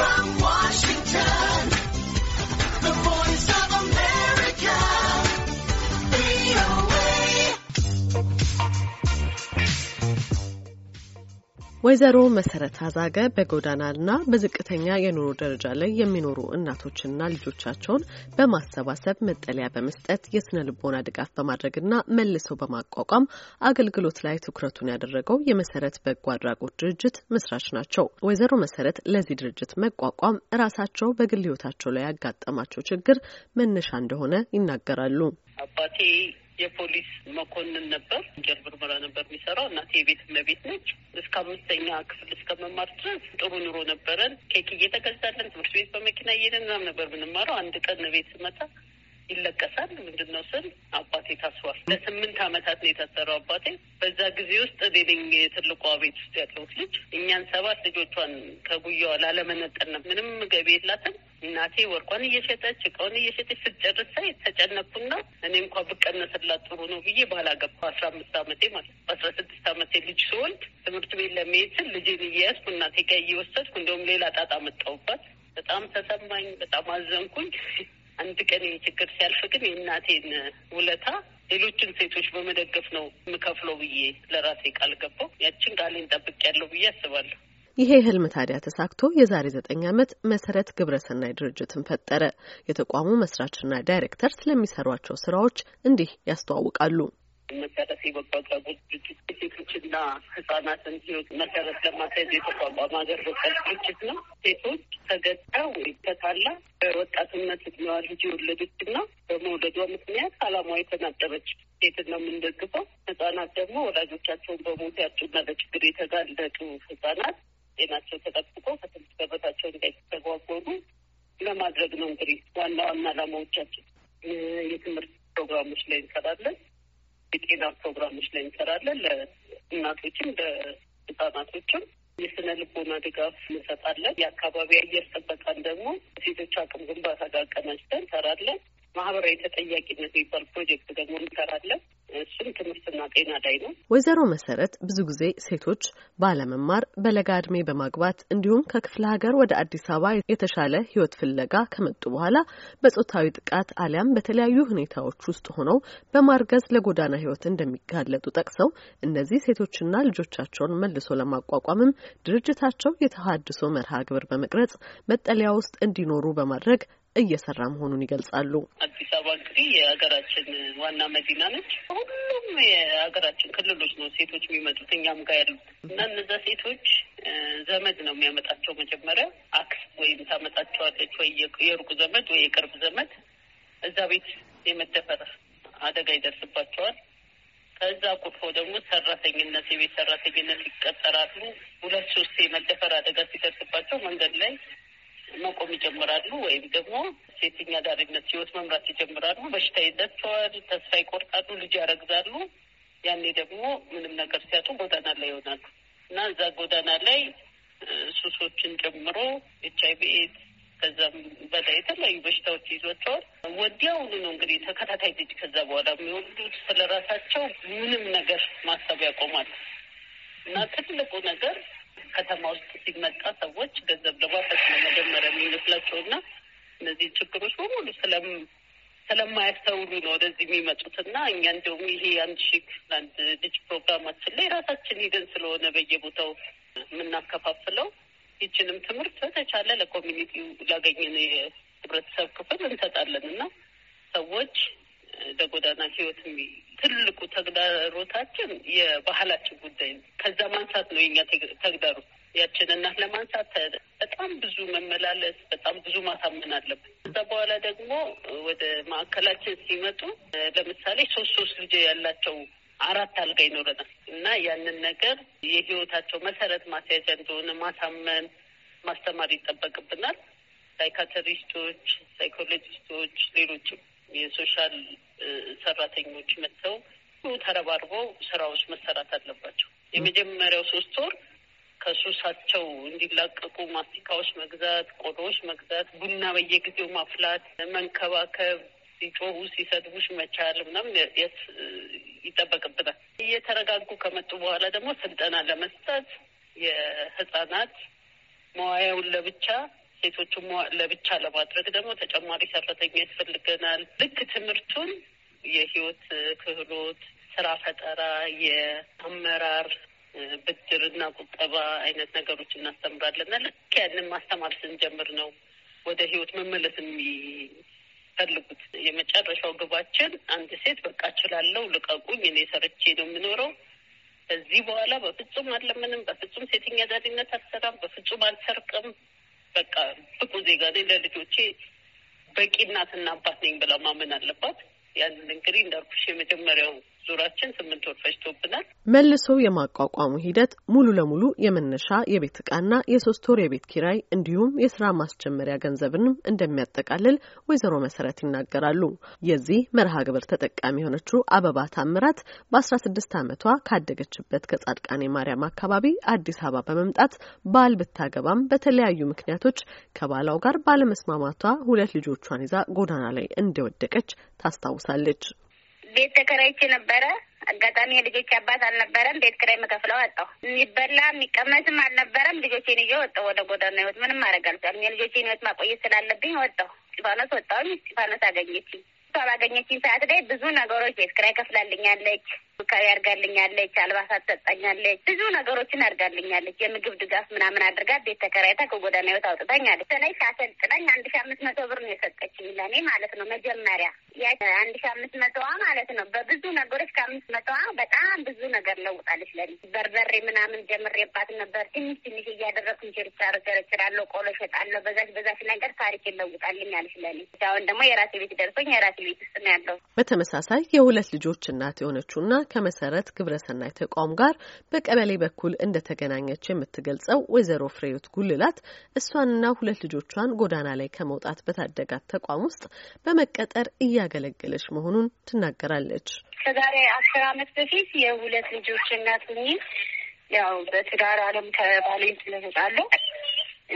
Go. ወይዘሮ መሰረት አዛገ በጎዳናና በዝቅተኛ የኑሮ ደረጃ ላይ የሚኖሩ እናቶችና ልጆቻቸውን በማሰባሰብ መጠለያ በመስጠት የስነ ልቦና ድጋፍ በማድረግና መልሶ በማቋቋም አገልግሎት ላይ ትኩረቱን ያደረገው የመሰረት በጎ አድራጎት ድርጅት መስራች ናቸው። ወይዘሮ መሰረት ለዚህ ድርጅት መቋቋም እራሳቸው በግል ላይ ያጋጠማቸው ችግር መነሻ እንደሆነ ይናገራሉ። አባቴ የፖሊስ መኮንን ነበር። ወንጀል ምርመራ ነበር የሚሰራው። እናቴ የቤት እመቤት ነች። እስከ አምስተኛ ክፍል እስከ መማር ድረስ ጥሩ ኑሮ ነበረን። ኬክ እየተገዛለን ትምህርት ቤት በመኪና እየሄድን ምናምን ነበር ምንማረው። አንድ ቀን ቤት ስመጣ ይለቀሳል። ምንድን ነው ስል አባቴ ታስሯል። ለስምንት ዓመታት ነው የታሰረው አባቴ። በዛ ጊዜ ውስጥ ሌሌኝ የትልቋ ቤት ውስጥ ያለሁት ልጅ እኛን ሰባት ልጆቿን ከጉያዋ ላለመነጠል ነው። ምንም ገቢ የላትም። እናቴ ወርቋን እየሸጠች እቃውን እየሸጠች ስትጨርሳ የተጨነኩና እኔ እንኳ ብቀነስላት ጥሩ ነው ብዬ ባላገባ አስራ አምስት አመቴ ማለት በአስራ ስድስት አመቴ ልጅ ስወልድ ትምህርት ቤት ለመሄድ ስል ልጄን እናቴ ጋር እየወሰድኩ እንዲሁም ሌላ ጣጣ መጣሁባት። በጣም ተሰማኝ፣ በጣም አዘንኩኝ። አንድ ቀን ይህ ችግር ሲያልፍ ግን የእናቴን ውለታ ሌሎችን ሴቶች በመደገፍ ነው የምከፍለው ብዬ ለራሴ ቃል ገባው። ያችን ቃሌን ያለው ብዬ አስባለሁ። ይሄ ህልም ታዲያ ተሳክቶ የዛሬ ዘጠኝ ዓመት መሰረት ግብረሰናይ ድርጅትን ፈጠረ። የተቋሙ መስራችና ዳይሬክተር ስለሚሰሯቸው ስራዎች እንዲህ ያስተዋውቃሉ። መሰረት የበጎ ድርጅት የሴቶችና ህጻናትን ህይወት መሰረት የተቋቋመ ሀገር በቀል ድርጅት ነው። ሴቶች በወጣትነት እድሜዋ ልጅ የወለደችና በመውለዷ ምክንያት አላማዋ የተናጠበች ሴትን ነው የምንደግፈው። ህጻናት ደግሞ ወላጆቻቸውን በሞት ያጡና ለችግር የተጋለጡ ህጻናት ጤናቸው ተጠብቆ ከትምህርት ገበታቸው እንዳይስተጓጎሉ ለማድረግ ነው። እንግዲህ ዋና ዋና አላማዎቻችን የትምህርት ፕሮግራሞች ላይ እንሰራለን፣ የጤና ፕሮግራሞች ላይ እንሰራለን። ለእናቶችም ለህጻናቶችም የስነ ልቦና ድጋፍ እንሰጣለን። የአካባቢ አየር ጥበቃን ደግሞ ሴቶች አቅም ግንባታ ጋር ቀናጅተን እንሰራለን። ማህበራዊ ተጠያቂነት የሚባል ፕሮጀክት ደግሞ እንሰራለን። እሱም ትምህርትና ጤና ላይ ነው። ወይዘሮ መሰረት ብዙ ጊዜ ሴቶች ባለመማር በለጋ እድሜ በማግባት እንዲሁም ከክፍለ ሀገር ወደ አዲስ አበባ የተሻለ ህይወት ፍለጋ ከመጡ በኋላ በጾታዊ ጥቃት አሊያም በተለያዩ ሁኔታዎች ውስጥ ሆነው በማርገዝ ለጎዳና ህይወት እንደሚጋለጡ ጠቅሰው እነዚህ ሴቶችና ልጆቻቸውን መልሶ ለማቋቋምም ድርጅታቸው የተሀድሶ መርሃ ግብር በመቅረጽ መጠለያ ውስጥ እንዲኖሩ በማድረግ እየሰራ መሆኑን ይገልጻሉ። አዲስ አበባ እንግዲህ የሀገራችን ዋና መዲና ነች። ሁሉም የሀገራችን ክልሎች ነው ሴቶች የሚመጡት እኛም ጋር ያሉት እና እነዛ ሴቶች ዘመድ ነው የሚያመጣቸው። መጀመሪያ አክስ ወይም ታመጣቸዋለች ወይ የሩቅ ዘመድ ወይ የቅርብ ዘመድ እዛ ቤት የመደፈር አደጋ ይደርስባቸዋል። ከዛ ቁርፎ ደግሞ ሰራተኝነት የቤት ሰራተኝነት ይቀጠራሉ። ሁለት ሶስት የመደፈር አደጋ ሲደርስባቸው መንገድ ላይ መቆም ይጀምራሉ፣ ወይም ደግሞ ሴተኛ አዳሪነት ህይወት መምራት ይጀምራሉ። በሽታ ይዛቸዋል፣ ተስፋ ይቆርጣሉ፣ ልጅ ያረግዛሉ። ያኔ ደግሞ ምንም ነገር ሲያጡ ጎዳና ላይ ይሆናሉ እና እዛ ጎዳና ላይ ሱሶችን ጨምሮ ኤች አይቪ ኤድስ ከዛም በላይ የተለያዩ በሽታዎች ይዟቸዋል። ወዲያውኑ ነው እንግዲህ ተከታታይ ልጅ ከዛ በኋላ የሚወልዱት ራሳቸው ምንም ነገር ማሰብ ያቆማል እና ትልቁ ነገር ከተማ ውስጥ ሲመጣ ሰዎች ገንዘብ ለማፈት ነው መጀመሪያ የሚመስላቸው እና እነዚህ ችግሮች በሙሉ ስለም ስለማያስተውሉ ነው ወደዚህ የሚመጡት እና እኛ እንዲሁም ይሄ አንድ ሺህ አንድ ልጅ ፕሮግራማችን ላይ ራሳችን ሂደን ስለሆነ በየቦታው የምናከፋፍለው ይችንም ትምህርት በተቻለ ለኮሚኒቲው ላገኘን የህብረተሰብ ክፍል እንሰጣለን እና ሰዎች ለጎዳና ህይወት ትልቁ ተግዳሮታችን የባህላችን ጉዳይ ነው። ከዛ ማንሳት ነው የኛ ተግዳሮ ያችን እናት ለማንሳት በጣም ብዙ መመላለስ፣ በጣም ብዙ ማሳመን አለብን። ከዛ በኋላ ደግሞ ወደ ማዕከላችን ሲመጡ ለምሳሌ ሶስት ሶስት ልጅ ያላቸው አራት አልጋ ይኖረናል እና ያንን ነገር የህይወታቸው መሰረት ማስያዣ እንደሆነ ማሳመን ማስተማር ይጠበቅብናል። ሳይካትሪስቶች፣ ሳይኮሎጂስቶች፣ ሌሎችም የሶሻል ሰራተኞች መጥተው ተረባርበው ስራዎች መሰራት አለባቸው። የመጀመሪያው ሶስት ወር ከሱሳቸው እንዲላቀቁ ማስቲካዎች መግዛት፣ ቆሎዎች መግዛት፣ ቡና በየጊዜው ማፍላት፣ መንከባከብ፣ ሲጮሁ ሲሰድቡሽ መቻል ምናምን ይጠበቅብናል። እየተረጋጉ ከመጡ በኋላ ደግሞ ስልጠና ለመስጠት የህጻናት መዋያውን ለብቻ ሴቶቹ ለብቻ ለማድረግ ደግሞ ተጨማሪ ሰራተኛ ያስፈልገናል። ልክ ትምህርቱን የህይወት ክህሎት፣ ስራ ፈጠራ፣ የአመራር እና ቁጠባ አይነት ነገሮች እናስተምራለንና ልክ ያንን ማስተማር ስንጀምር ነው ወደ ህይወት መመለስ የሚፈልጉት። የመጨረሻው ግባችን አንድ ሴት በቃ እችላለሁ፣ ልቀቁኝ፣ እኔ ሰርቼ ነው የምኖረው ከዚህ በኋላ በፍጹም አለምንም በፍጹም ሴተኛ አዳሪነት አልሰራም፣ በፍጹም አልሰርቅም፣ በቃ ብቁ ዜጋ ነኝ ለልጆቼ በቂ እናትና አባት ነኝ ብላ ማመን አለባት። ያንን እንግዲህ እንዳልኩሽ የመጀመሪያው ዙራችን ስምንት ወር ፈጅቶብናል። መልሶ የማቋቋሙ ሂደት ሙሉ ለሙሉ የመነሻ የቤት እቃና የሶስት ወር የቤት ኪራይ እንዲሁም የስራ ማስጀመሪያ ገንዘብንም እንደሚያጠቃልል ወይዘሮ መሰረት ይናገራሉ። የዚህ መርሃ ግብር ተጠቃሚ የሆነችው አበባ ታምራት በአስራ ስድስት አመቷ ካደገችበት ከጻድቃኔ ማርያም አካባቢ አዲስ አበባ በመምጣት ባል ብታገባም በተለያዩ ምክንያቶች ከባላው ጋር ባለመስማማቷ ሁለት ልጆቿን ይዛ ጎዳና ላይ እንደወደቀች ታስታውሳለች። ቤት ተከራይቼ ነበረ። አጋጣሚ የልጆች አባት አልነበረም። ቤት ክራይ መከፍለው ወጣሁ። የሚበላ የሚቀመስም አልነበረም። ልጆቼን ይዤ ወጣሁ ወደ ጎዳና ህይወት። ምንም ማድረግ አልቻልኩም። የልጆቼን ህይወት ማቆየት ስላለብኝ ወጣሁ። እስጢፋኖስ ወጣሁኝ። እስጢፋኖስ አገኘችኝ። እሷ ባገኘችኝ ሰዓት ላይ ብዙ ነገሮች ቤት ክራይ ከፍላልኛለች እንክብካቤ አድርጋልኛለች፣ አልባሳት ሰጣኛለች፣ ብዙ ነገሮችን አድርጋልኛለች። የምግብ ድጋፍ ምናምን አድርጋ ቤት ተከራይታ ከጎዳና ህይወት አውጥታኛለች። በተለይ ሳሰልጥነኝ አንድ ሺ አምስት መቶ ብር ነው የሰጠችኝ ለእኔ ማለት ነው። መጀመሪያ ያ አንድ ሺ አምስት መቶዋ ማለት ነው በብዙ ነገሮች ከአምስት መቶዋ በጣም ብዙ ነገር ለውጣለች ለኔ። በርበሬ ምናምን ጀምሬባት ነበር። ትንሽ ትንሽ እያደረግኩ ችርቻር ችርችራለሁ፣ ቆሎ ሸጣለሁ፣ በዛች በዛች ነገር ታሪክ ይለውጣልኝ አለች ለኔ። አሁን ደግሞ የራሴ ቤት ደርሶኝ የራሴ ቤት ውስጥ ነው ያለው። በተመሳሳይ የሁለት ልጆች እናት የሆነችው የሆነችውና ከመሰረት ግብረሰናይ ተቋም ጋር በቀበሌ በኩል እንደተገናኘች የምትገልጸው ወይዘሮ ፍሬዮት ጉልላት እሷንና ሁለት ልጆቿን ጎዳና ላይ ከመውጣት በታደጋት ተቋም ውስጥ በመቀጠር እያገለገለች መሆኑን ትናገራለች። ከዛሬ አስር ዓመት በፊት የሁለት ልጆች እናት ሁኚ ያው በትዳር አለም ከባሌ ስለተጣለው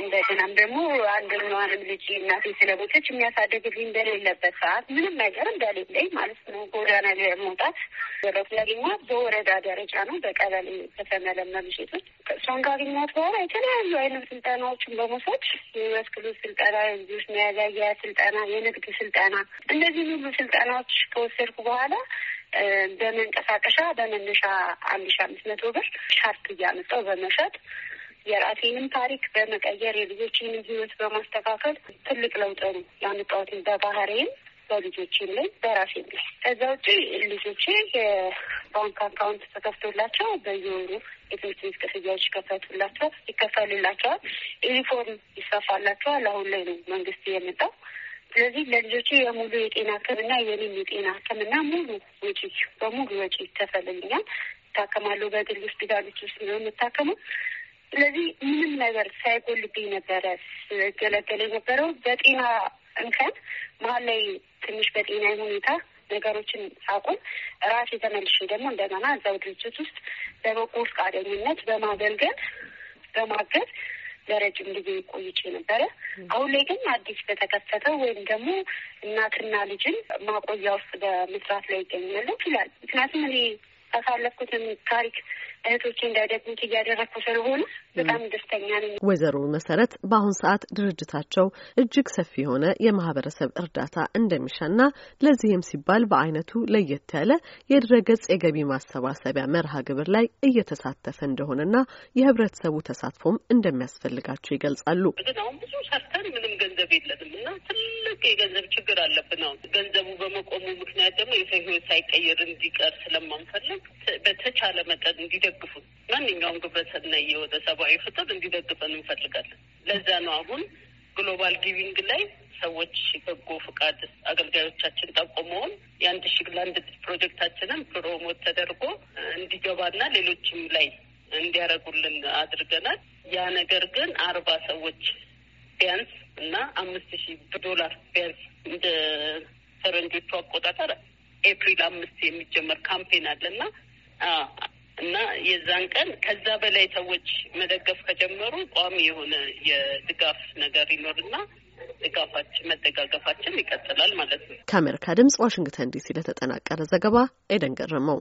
እንደገናም ደግሞ አንደኛዋንም ልጅ እናቴ ስለሞተች የሚያሳደግልኝ በሌለበት ሰዓት ምንም ነገር እንደሌለኝ ማለት ነው ጎዳና ላይ መውጣት ወረፍ ላገኛት በወረዳ ደረጃ ነው በቀበሌ ከተመለመሉ ሴቶች እሷን ካገኘኋት በኋላ የተለያዩ አይነት ስልጠናዎችን በመውሰድ የመስክሉ ስልጠና፣ የልጆች መያዣ ስልጠና፣ የንግድ ስልጠና እነዚህን ሁሉ ስልጠናዎች ከወሰድኩ በኋላ በመንቀሳቀሻ በመነሻ አንድ ሺ አምስት መቶ ብር ሻርፕ እያመጣሁ በመሸጥ የራሴንም ታሪክ በመቀየር የልጆችንም ህይወት በማስተካከል ትልቅ ለውጥ ነው ያመጣሁትን በባህሬም በልጆችም ላይ በራሴም ላይ። ከዛ ውጭ ልጆቼ የባንክ አካውንት ተከፍቶላቸው በየወሩ የትምህርት ቤት ክፍያዎች ከፈቱላቸው ይከፈልላቸዋል። ዩኒፎርም ይሰፋላቸዋል። አሁን ላይ ነው መንግስት የመጣው። ስለዚህ ለልጆቼ የሙሉ የጤና ህክምና የኔም የጤና ህክምና ሙሉ ወጪ በሙሉ ወጪ ይከፈልልኛል። ይታከማለሁ። በግል ሆስፒታሎች ውስጥ ነው የምታከመው። ስለዚህ ምንም ነገር ሳይጎልብኝ ነበረ ገለገለ የነበረው በጤና እንከን መሀል ላይ ትንሽ በጤና ሁኔታ ነገሮችን አቁም ራሴ ተመልሼ ደግሞ እንደገና እዛው ድርጅት ውስጥ በበጎ ፈቃደኝነት በማገልገል በማገዝ ለረጅም ጊዜ ቆይቼ ነበረ። አሁን ላይ ግን አዲስ በተከፈተ ወይም ደግሞ እናትና ልጅን ማቆያ ውስጥ በመስራት ላይ ይገኛለን ይላል። ምክንያቱም እኔ ያሳለፍኩትን ታሪክ እህቶች እንዳይደግሙት እያደረግኩ ስለሆነ በጣም ደስተኛ ነኝ። ወይዘሮ መሰረት በአሁን ሰዓት ድርጅታቸው እጅግ ሰፊ የሆነ የማህበረሰብ እርዳታ እንደሚሻና ለዚህም ሲባል በአይነቱ ለየት ያለ የድረገጽ የገቢ ማሰባሰቢያ መርሃ ግብር ላይ እየተሳተፈ እንደሆነና የህብረተሰቡ ተሳትፎም እንደሚያስፈልጋቸው ይገልጻሉ። ብዙ በተጨማሪ ምንም ገንዘብ የለንም እና ትልቅ የገንዘብ ችግር አለብን። አሁን ገንዘቡ በመቆሙ ምክንያት ደግሞ የሰው ህይወት ሳይቀየር እንዲቀር ስለማንፈልግ በተቻለ መጠን እንዲደግፉን ማንኛውም ግብረሰናይ የሆነ ሰብአዊ ፍጥር እንዲደግፈን እንፈልጋለን። ለዛ ነው አሁን ግሎባል ጊቪንግ ላይ ሰዎች በጎ ፍቃድ አገልጋዮቻችን ጠቆመውን የአንድ ሺህ ለአንድ ፕሮጀክታችንን ፕሮሞት ተደርጎ እንዲገባና ሌሎችም ላይ እንዲያደርጉልን አድርገናል። ያ ነገር ግን አርባ ሰዎች ቢያንስ እና አምስት ሺህ ዶላር ቢያንስ እንደ ፈረንጆቹ አቆጣጠር ኤፕሪል አምስት የሚጀመር ካምፔን አለ እና እና የዛን ቀን ከዛ በላይ ሰዎች መደገፍ ከጀመሩ ቋሚ የሆነ የድጋፍ ነገር ይኖርና ድጋፋችን መደጋገፋችን ይቀጥላል ማለት ነው። ከአሜሪካ ድምጽ ዋሽንግተን ዲሲ ለተጠናቀረ ዘገባ ኤደን ገረመው